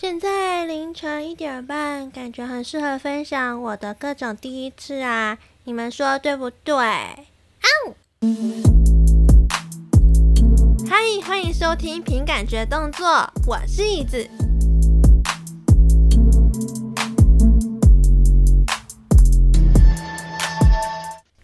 現在凌晨一點半，感覺很適合分享我的各種第一次啊！你們說對不對？啊！嗨，歡迎收聽憑感覺動作，我是怡子。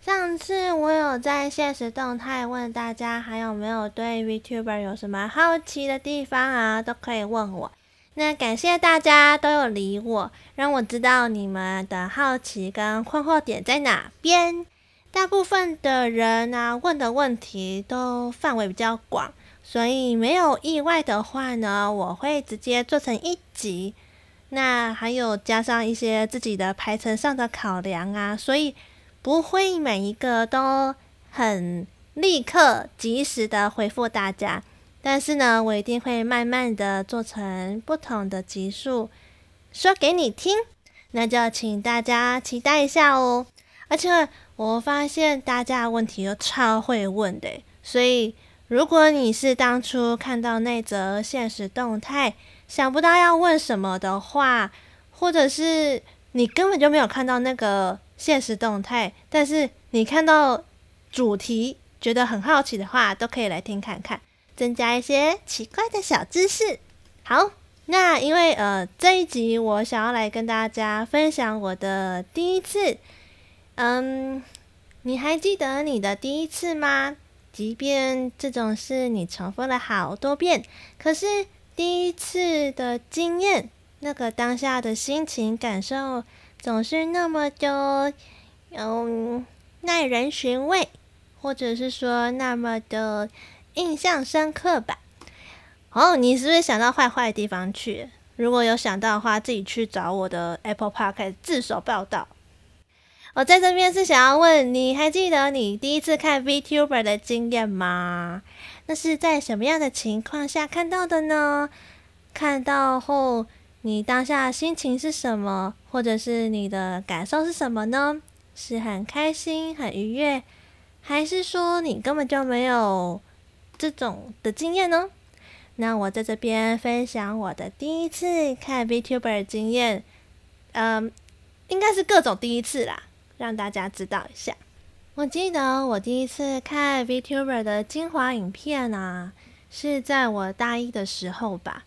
上次我有在現實動態問大家，還有沒有對 VTuber 有什麼好奇的地方啊？都可以問我。那感謝大家都有理我，讓我知道你們的好奇跟困惑點在哪邊。大部分的人呢，啊，問的問題都範圍比較廣，所以沒有意外的話呢，我會直接做成一集。那還有加上一些自己的排程上的考量啊，所以不會每一個都很立刻及時的回復大家。但是呢，我一定會慢慢的做成不同的集數，說給你聽。那就請大家期待一下哦。而且我發現大家的問題都超會問的欸，所以如果你是當初看到那則限時動態，想不到要問什麼的話，或者是你根本就沒有看到那個限時動態，但是你看到主題覺得很好奇的話，都可以來聽看看，增加一些奇怪的小知識。好，那因為呃，這一集我想要來跟大家分享我的第一次。嗯，你還記得你的第一次嗎？即便這種事你重複了好多遍，可是第一次的經驗，那個當下的心情感受，總是那麼的，嗯，耐人尋味，或者是說那麼的。印象深刻吧。哦、oh,，你是不是想到壞壞的地方去？如果有想到的話，自己去找我的 Apple Podcast 自首報到。我、oh, 在這邊是想要問，你還記得你第一次看 VTuber 的經驗嗎？那是在什麼樣的情況下看到的呢？看到後，你當下心情是什麼，或者是你的感受是什麼呢？是很開心、很愉悅，還是說你根本就沒有？這種的經驗呢？那我在這邊分享我的第一次看 VTuber 經驗，嗯、呃，應該是各種第一次啦，讓大家知道一下。我記得我第一次看 VTuber 的精華影片啊，是在我大一的時候吧。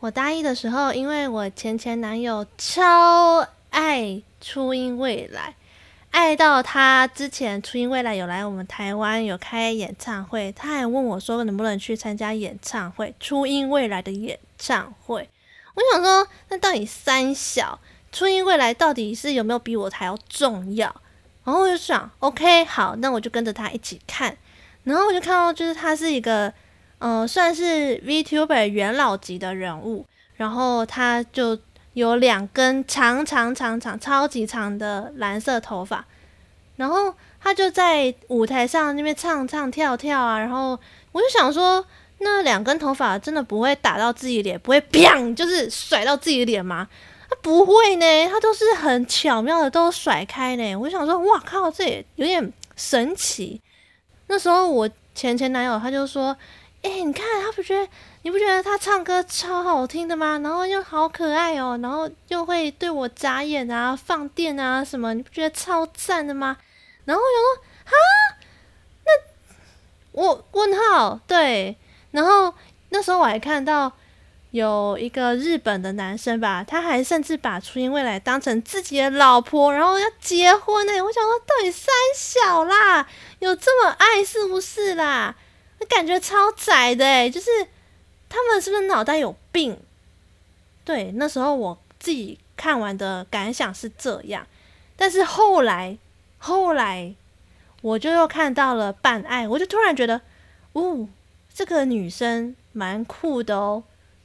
我大一的時候，因為我前前男友超愛初音未來。愛到他之前，初音未來有來我們台灣有開演唱會，他還問我說能不能去參加演唱會，初音未來的演唱會。我想說，那到底三小初音未來到底是有沒有比我還要重要？然後我就想，OK，好，那我就跟着他一起看。然後我就看到，就是他是一個，呃，算是 VTuber 元老級的人物，然後他就。有兩根長長長長超級長的藍色頭髮，然後他就在舞台上那邊唱唱跳跳啊，然後我就想說，那兩根頭髮真的不會打到自己臉，不會 biang，就是甩到自己的臉嗎？他不會呢，他都是很巧妙的都甩開呢。我就想說，哇靠，這也有點神奇。那時候我前前男友他就說。誒、欸，你看他不覺得？你不覺得他唱歌超好聽的嗎？然後又好可愛哦、喔，然後又會對我眨眼啊、放電啊什麼？你不覺得超讚的嗎？然後我想說，哈，那我問號對。然後那時候我還看到有一個日本的男生吧，他還甚至把初音未來當成自己的老婆，然後要結婚呢、欸。我想說，到底三小啦，有這麼愛是不是啦？那感覺超窄的誒，就是他們是不是腦袋有病？對，那時候我自己看完的感想是這樣，但是後來後來我就又看到了絆愛，我就突然覺得，哦，這個女生蠻酷的哦、喔，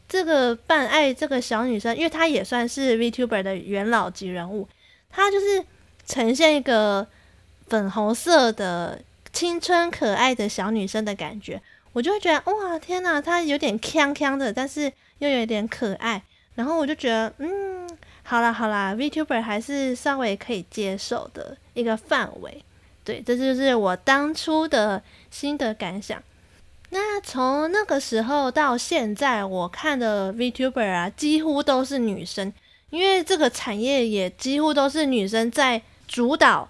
這個絆愛這個小女生，因為她也算是 VTuber 的元老級人物，她就是呈現一個粉紅色的。青春可愛的小女生的感覺，我就會覺得哇天吶，她有點嗆嗆的，但是又有一點可愛，然後我就覺得嗯，好啦好啦，VTuber 還是稍微可以接受的一個範圍，對，這就是我當初的心得感想。那從那個時候到現在，我看的 VTuber 啊，幾乎都是女生，因為這個產業也幾乎都是女生在主導。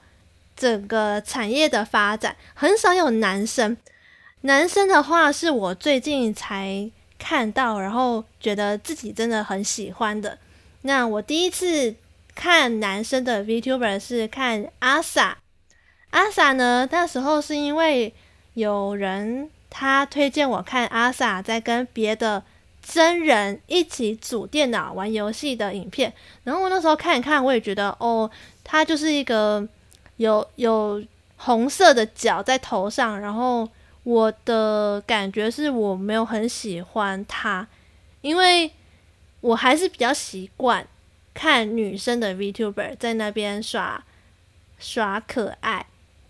整個產業的發展很少有男生，男生的話是我最近才看到，然後覺得自己真的很喜歡的。那我第一次看男生的 VTuber 是看阿 Sa，阿 Sa 呢，那時候是因為有人他推薦我看阿 Sa 在跟別的真人一起組電腦玩遊戲的影片，然後我那時候看一看，我也覺得哦，他就是一個。有有紅色的角在頭上，然後我的感覺是我沒有很喜歡他，因為我還是比較習慣看女生的 VTuber 在那邊耍耍可愛，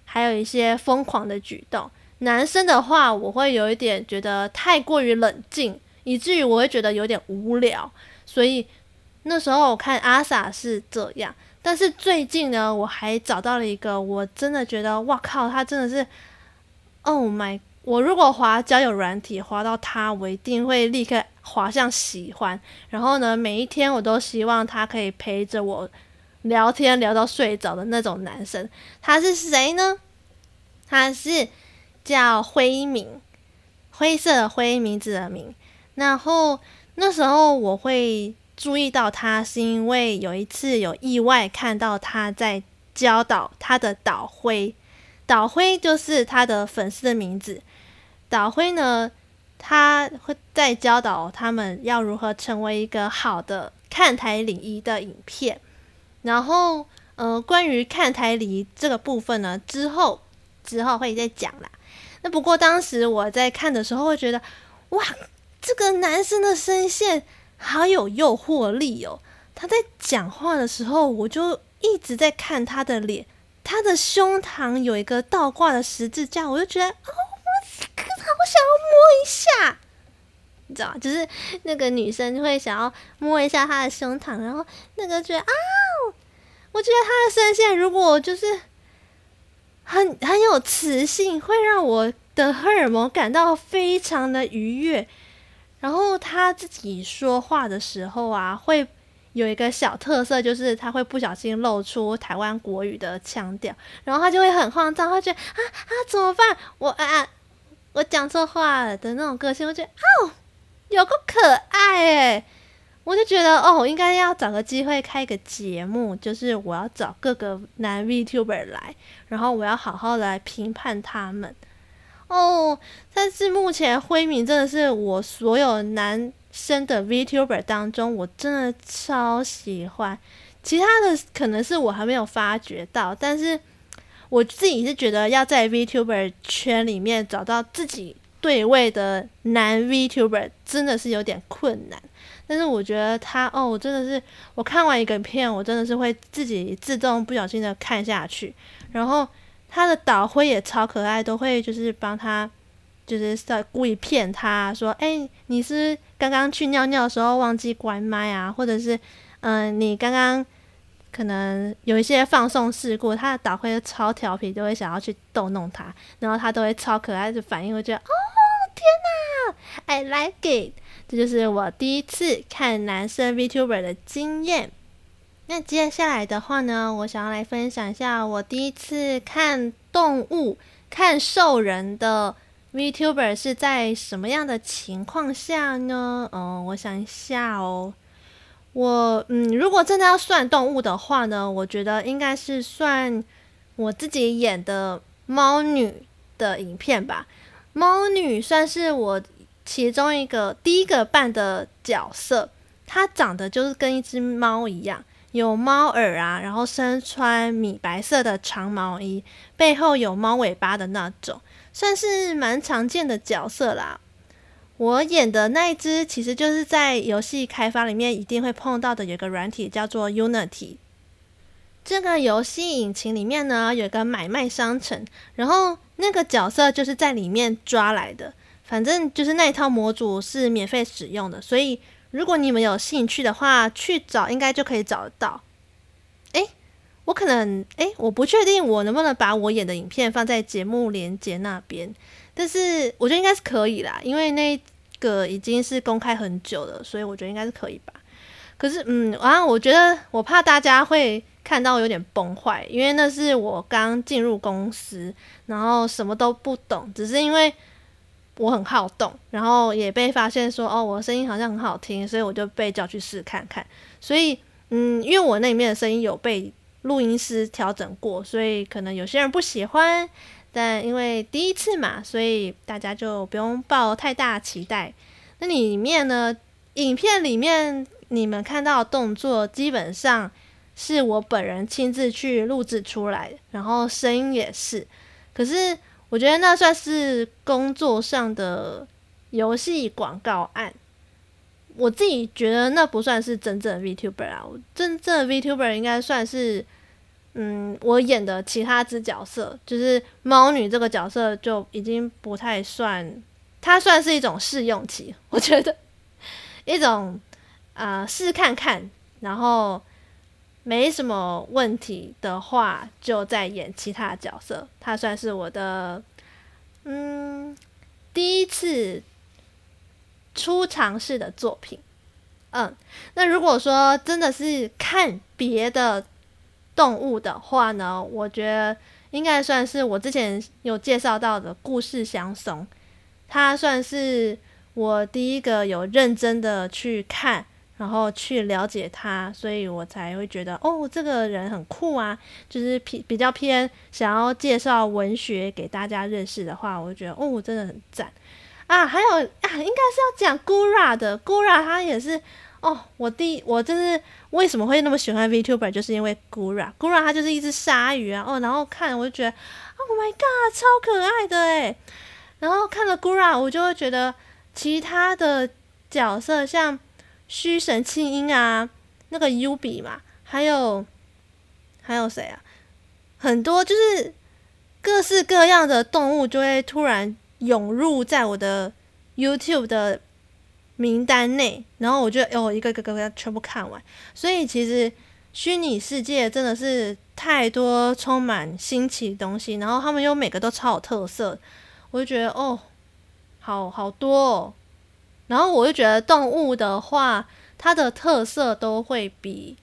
還有一些瘋狂的舉動。男生的話，我會有一點覺得太過於冷靜，以至於我會覺得有點無聊。所以那時候我看阿 sa 是這樣。但是最近呢，我還找到了一個，我真的覺得，哇靠，他真的是，Oh my！我如果滑交友軟體，滑到他，我一定會立刻滑向喜歡。然後呢，每一天我都希望他可以陪着我聊天，聊到睡着的那種男生。他是誰呢？他是叫灰名，灰色的灰名字的名。然後那時候我會。注意到他是因為有一次有意外看到他在教導他的導輝，導輝就是他的粉絲的名字。導輝呢，他會在教導他們要如何成為一個好的看台禮儀的影片。然後，呃，關於看台禮儀這個部分呢，之後之後會再講啦。那不過當時我在看的時候會覺得，哇，這個男生的聲線。好有誘惑力哦！他在講話的時候，我就一直在看他的臉，他的胸膛有一個倒掛的十字架，我就覺得哦，好想要摸一下，你知道嗎？就是那個女生就會想要摸一下他的胸膛，然後那個覺得啊、哦，我覺得他的聲線如果就是很很有磁性，會讓我的荷爾蒙感到非常的愉悅。然後他自己說話的時候啊，會有一個小特色，就是他會不小心露出台灣國語的腔調，然後他就會很慌張，他覺得啊啊怎麼辦？我啊我講錯話了的那種個性，我覺得哦，有夠可愛誒、欸。我就覺得哦，我應該要找個機會開一個節目，就是我要找各個男 VTuber 來，然後我要好好來評判他們。哦，但是目前灰名真的是我所有男生的 Vtuber 當中，我真的超喜歡。其他的可能是我還沒有發覺到，但是我自己是覺得要在 Vtuber 圈裡面找到自己對位的男 Vtuber，真的是有點困難。但是我覺得他哦，真的是我看完一個片，我真的是會自己自動不小心的看下去，然後。他的導灰也超可愛，都會就是幫他，就是故意騙他說：“哎、欸，你是剛剛去尿尿的時候忘記關麥啊，或者是嗯、呃，你剛剛可能有一些放送事故。”他的導灰超調皮，都會想要去逗弄他，然後他都會超可愛就反應，會覺得：“哦，天吶！” I like it。這就是我第一次看男生 VTuber 的經驗。那接下來的話呢，我想要來分享一下我第一次看動物、看獸人的 VTuber 是在什麼樣的情況下呢？嗯、哦，我想一下哦。我嗯，如果真的要算動物的話呢，我覺得應該是算我自己演的貓女的影片吧。貓女算是我其中一個第一個扮的角色，她長得就是跟一隻貓一樣。有貓耳啊，然後身穿米白色的長毛衣，背後有貓尾巴的那種，算是蠻常見的角色啦。我演的那一隻，其實就是在遊戲開發裡面一定會碰到的，有個軟體叫做 Unity。這個遊戲引擎裡面呢，有一個買賣商城，然後那個角色就是在裡面抓來的，反正就是那一套模組是免費使用的，所以。如果你們有興趣的話，去找應該就可以找得到。誒、欸，我可能誒、欸，我不確定我能不能把我演的影片放在節目連結那邊，但是我覺得應該是可以啦，因為那個已經是公開很久了，所以我覺得應該是可以吧。可是，嗯啊，我覺得我怕大家會看到有點崩壞，因為那是我剛進入公司，然後什麼都不懂，只是因為。我很好動，然後也被發現說，哦，我的聲音好像很好聽，所以我就被叫去試看看。所以，嗯，因為我那裡面的聲音有被錄音師調整過，所以可能有些人不喜歡。但因為第一次嘛，所以大家就不用抱太大期待。那裡面呢，影片裡面你們看到的動作基本上是我本人親自去錄製出來的，然後聲音也是。可是。我覺得那算是工作上的遊戲廣告案。我自己覺得那不算是真正的 VTuber 啊，真正的 VTuber 應該算是嗯，我演的其他只角色，就是貓女這個角色就已經不太算，它算是一種試用期，我覺得 一種呃試看看，然後。沒什麼問題的話，就再演其他角色。他算是我的嗯第一次初嘗試的作品。嗯，那如果說真的是看別的動物的話呢，我覺得應該算是我之前有介紹到的故事《相送》，它算是我第一個有認真的去看，然後去了解他所以我才會覺得哦，這個人很酷啊。就是偏比，比較偏想要介紹文學給大家認識的話，我就覺得哦，真的很讚啊。還有啊，應該是要講 Gura 的 Gura，他也是哦。我第我就是為什麼會那麼喜歡 VTuber，就是因為 Gura。Gura 他就是一隻鯊魚啊。哦，然後看我就覺得，Oh my god，超可愛的哎。然後看了 Gura，我就會覺得其他的角色像。虛神清音啊，那個優比嘛，還有還有誰啊？很多就是各式各樣的動物就會突然湧入在我的 YouTube 的名單內，然後我就哦、呃，一個一個一個全部看完。所以其實虛擬世界真的是太多充滿新奇的東西，然後他們又每個都超有特色，我就覺得哦，好好多哦。然後我就覺得動物的話，它的特色都會比，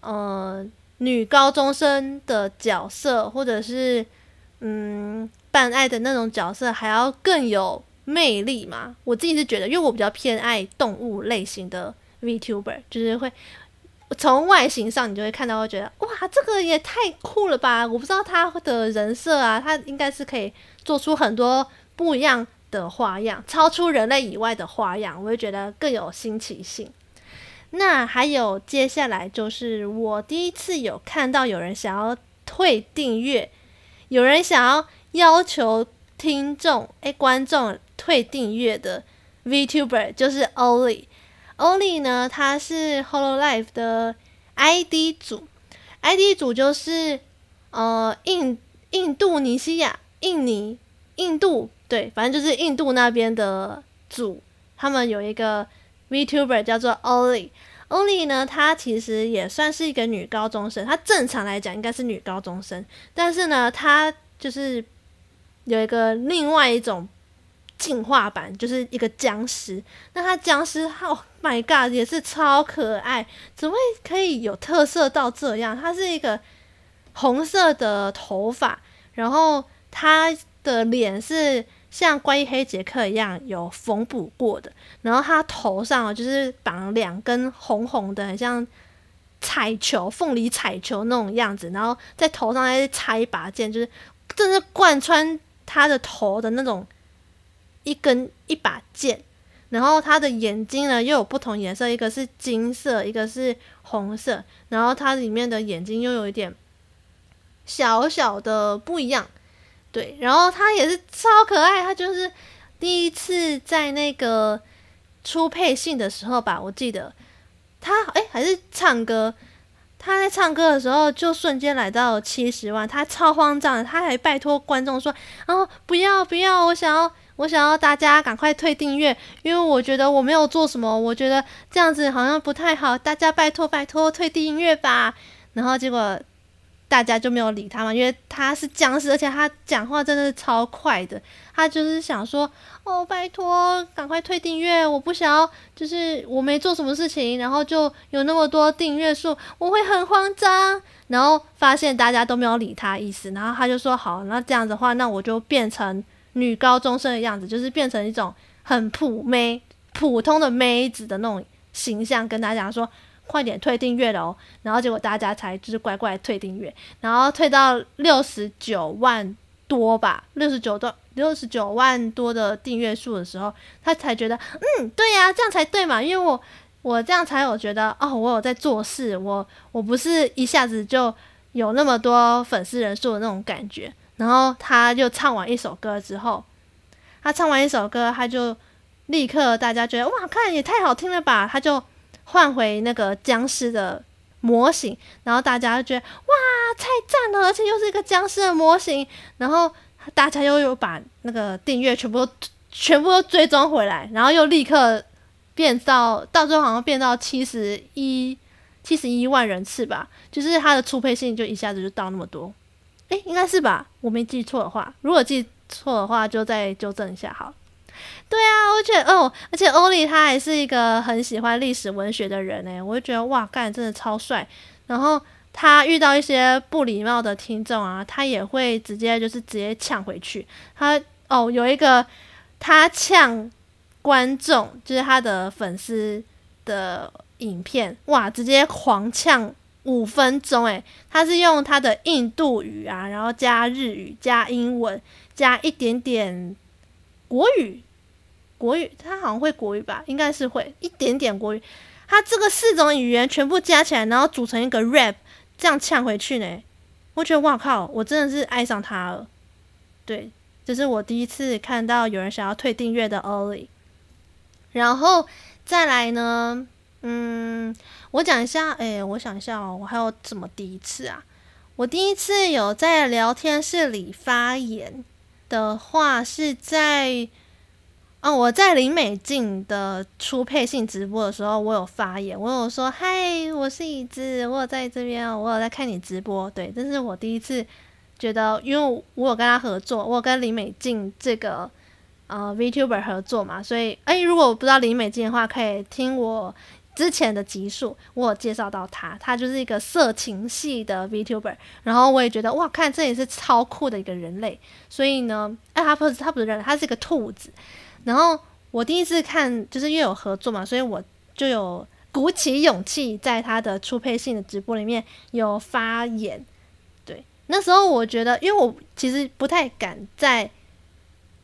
呃，女高中生的角色或者是嗯，扮愛的那種角色還要更有魅力嘛。我自己是覺得，因為我比較偏愛動物類型的 VTuber，就是會從外形上你就會看到，會覺得哇，這個也太酷了吧！我不知道他的人設啊，他應該是可以做出很多不一樣。的花樣，超出人類以外的花樣，我會覺得更有新奇性。那還有接下來就是我第一次有看到有人想要退訂閱，有人想要要求聽眾哎、欸、觀眾退訂閱的 VTuber 就是 Ollie，Ollie 呢，他是 Hololive 的 ID 組，ID 組就是呃印印度尼西亞印尼。印度對，反正就是印度那邊的主，他們有一個 VTuber 叫做 Ollie。Ollie 呢，他其實也算是一個女高中生，他正常來講應該是女高中生，但是呢，他就是有一個另外一種進化版，就是一個殭屍。那他殭屍，Oh my God，也是超可愛，怎麼可以有特色到這樣？他是一個紅色的頭髮，然後他。的臉是像怪醫黑傑克一樣有縫補過的，然後他頭上就是綁了兩根紅紅的很像彩球，鳳梨彩球那種樣子，然後在頭上還插一把劍，就是真的貫穿他的頭的那種一根一把劍。然後他的眼睛呢又有不同顏色，一個是金色，一個是紅色，然後它裡面的眼睛又有一點小小的不一樣。對，然後他也是超可愛，他就是第一次在那個初配信的時候吧，我記得他誒還是唱歌，他在唱歌的時候就瞬間來到七十萬，他超慌張，他還拜托觀眾說：“哦，不要不要，我想要我想要大家趕快退訂閱，因為我覺得我沒有做什麼，我覺得這樣子好像不太好，大家拜托拜托退訂閱吧。”然後結果。大家就沒有理他嘛，因為他是殭屍，而且他講話真的是超快的。他就是想說：“哦，拜托，趕快退訂閱，我不想要，就是我沒做什麼事情，然後就有那麼多訂閱數，我會很慌張。”然後發現大家都沒有理他意思，然後他就說：“好，那這樣的話，那我就變成女高中生的樣子，就是變成一種很普妹、普通的妹子的那種形象，跟他講說。”快點退訂閱了哦，然後結果大家才就是乖乖退訂閱，然後退到六十九萬多吧，六十九多，六十九萬多的訂閱數的時候，他才覺得，嗯，對呀，這樣才對嘛，因為我我這樣才有覺得，哦，我有在做事，我我不是一下子就有那麼多粉絲人數的那種感覺。然後他就唱完一首歌之後，他唱完一首歌，他就立刻大家覺得，哇，看也太好聽了吧，他就。換回那個殭屍的模型，然後大家就覺得哇，太讚了，而且又是一個殭屍的模型，然後大家又有把那個訂閱全部都全部都追蹤回來，然後又立刻變到，到最後好像變到七十一七十一萬人次吧，就是它的初配信就一下子就到那麼多，哎，應該是吧？我沒記錯的話，如果記錯的話就再糾正一下好了。對啊，我覺得哦，而且 Ollie 他還是一個很喜歡歷史文學的人誒，我就覺得哇，幹，真的超帥。然後他遇到一些不禮貌的聽眾啊，他也會直接就是直接嗆回去。他哦，有一個他嗆觀眾，就是他的粉絲的影片，哇，直接狂嗆五分鐘，誒，他是用他的印度語啊，然後加日語、加英文、加一點點國語。國語，他好像會國語吧？應該是會一點點國語。他這個四種語言全部加起來，然後組成一個 rap，這樣嗆回去呢，我覺得哇靠，我真的是愛上他了。對，這是我第一次看到有人想要退訂閱的 Ollie。然後再來呢，嗯，我講一下，哎、欸，我想一下哦、喔，我還有什麼第一次啊？我第一次有在聊天室裡發言的話，是在。哦，我在林美靜的初配信直播的時候，我有發言，我有說“嗨，我是椅子，我有在這邊，我有在看你直播”，對，這是我第一次覺得，因為我有跟他合作，我有跟林美靜這個呃 VTuber 合作嘛，所以，哎、欸，如果我不知道林美靜的話，可以聽我。之前的集數，我有介紹到他，他就是一個色情系的 VTuber，然後我也覺得哇，看這也是超酷的一個人類，所以呢哎、欸，他不是，他不是人，他是一個兔子，然後我第一次看，就是因為有合作嘛，所以我就有鼓起勇氣在他的初配信的直播裡面有發言，對，那時候我覺得，因為我其實不太敢在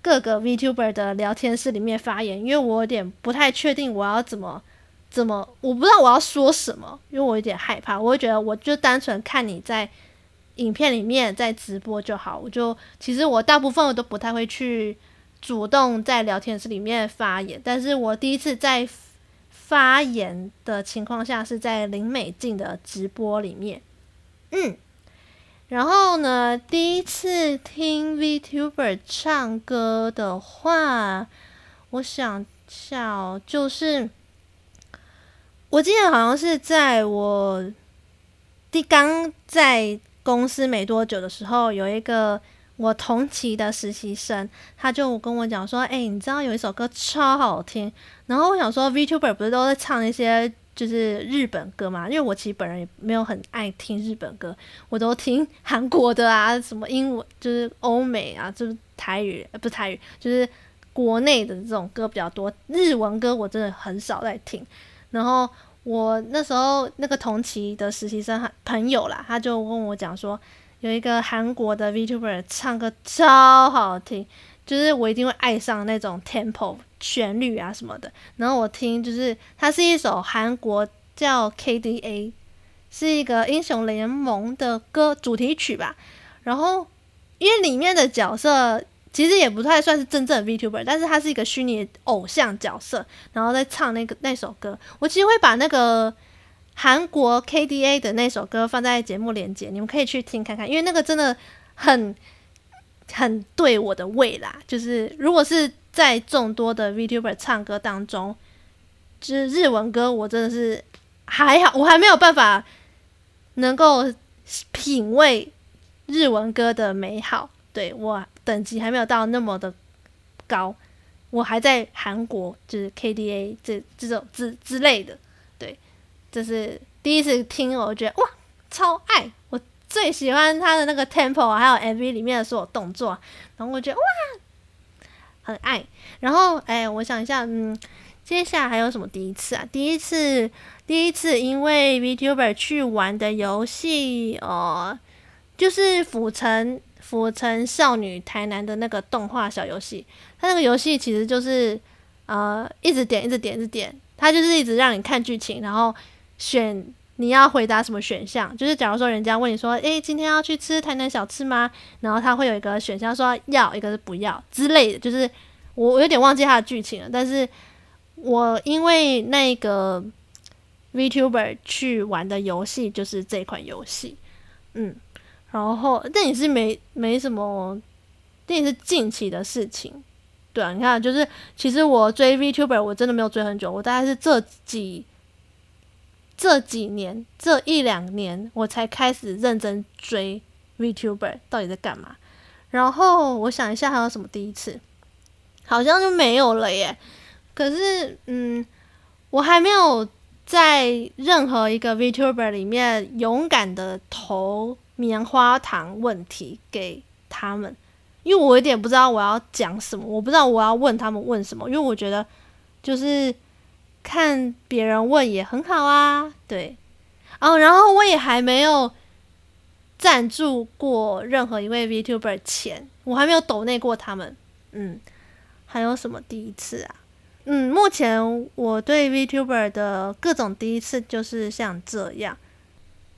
各個 VTuber 的聊天室裡面發言，因為我有點不太確定我要怎麼。怎麼？我不知道我要說什麼，因為我有點害怕。我會覺得，我就單純看你在影片裡面在直播就好。我就其實我大部分我都不太會去主動在聊天室裡面發言，但是我第一次在發言的情況下是在林美靜的直播裡面。嗯，然後呢，第一次聽 VTuber 唱歌的話，我想想就是。我記得好像是在我第，第剛在公司沒多久的時候，有一個我同期的實習生，他就跟我講說：“誒、欸，你知道有一首歌超好聽。”然後我想說，VTuber 不是都在唱一些就是日本歌嗎？因為我其實本人也沒有很愛聽日本歌，我都聽韓國的啊，什麼英文就是歐美啊，就是台語不是台語，就是國內的這種歌比較多，日文歌我真的很少在聽。然後我那時候那個同期的實習生朋友啦，他就問我講說，有一個韓國的 VTuber 唱歌超好聽，就是我一定會愛上那種 Tempo 旋律啊什麼的。然後我聽就是它是一首韓國叫 KDA，是一個英雄聯盟的歌主題曲吧。然後因為裡面的角色。其實也不太算是真正的 VTuber，但是它是一個虛擬偶像角色，然後在唱那個那首歌。我其實會把那個韓國 KDA 的那首歌放在節目連結，你們可以去聽看看，因為那個真的很很對我的味啦。就是如果是在眾多的 VTuber 唱歌當中，就是日文歌，我真的是還好，我還沒有辦法能夠品味日文歌的美好，對我。等級還沒有到那麼的高，我還在韓國，就是 KDA 這這種之之類的，對，就是第一次聽，我覺得哇，超愛！我最喜歡他的那個 tempo，還有 MV 裡面的所有動作，然後我覺得哇，很愛。然後哎、欸，我想一下，嗯，接下來還有什麼第一次啊？第一次，第一次因為 VTuber 去玩的遊戲，呃，就是輔城。《浮沉少女》台南的那個動畫小遊戲，它那個遊戲其實就是呃，一直點一直點一直點，它就是一直讓你看劇情，然後選你要回答什麼選項。就是假如說人家問你說：“誒，今天要去吃台南小吃嗎？”然後他會有一個選項說“要”一個是“不要”之類的。就是我我有點忘記他的劇情了，但是我因為那個 VTuber 去玩的遊戲就是這款遊戲，嗯。然後，那也是沒沒什麼，那也是近期的事情，對啊，你看，就是其實我追 VTuber，我真的沒有追很久，我大概是這幾這幾年，這一兩年，我才開始認真追 VTuber 到底在幹嘛。然後我想一下還有什麼第一次，好像就沒有了耶。可是，嗯，我還沒有在任何一個 VTuber 裡面勇敢的投。棉花糖問題給他們，因為我有點不知道我要講什麼，我不知道我要問他們問什麼，因為我覺得就是看別人問也很好啊，對，哦，然後我也還沒有贊助過任何一位 VTuber 錢，我還沒有抖內過他們，嗯，還有什麼第一次啊？嗯，目前我對 VTuber 的各種第一次就是像這樣。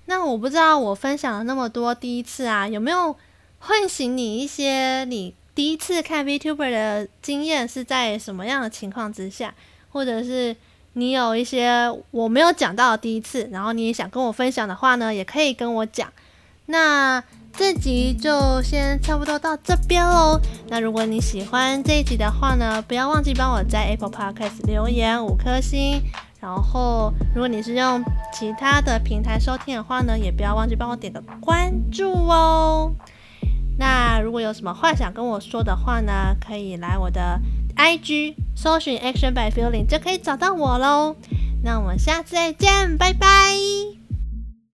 那我不知道我分享了那麼多第一次啊，有沒有喚醒你一些你第一次看 VTuber 的經驗是在什麼樣的情況之下？或者是你有一些我沒有講到的第一次，然後你也想跟我分享的話呢，也可以跟我講。那這集就先差不多到這邊嘍。那如果你喜歡這一集的話呢，不要忘記幫我在 Apple Podcast 留言五顆星。然後，如果你是用其他的平台收聽的話呢，也不要忘記幫我點個關注哦。那如果有什麼話想跟我說的話呢，可以來我的 IG 搜尋 Action by Feeling 就可以找到我嘍。那我們下次再見，拜拜。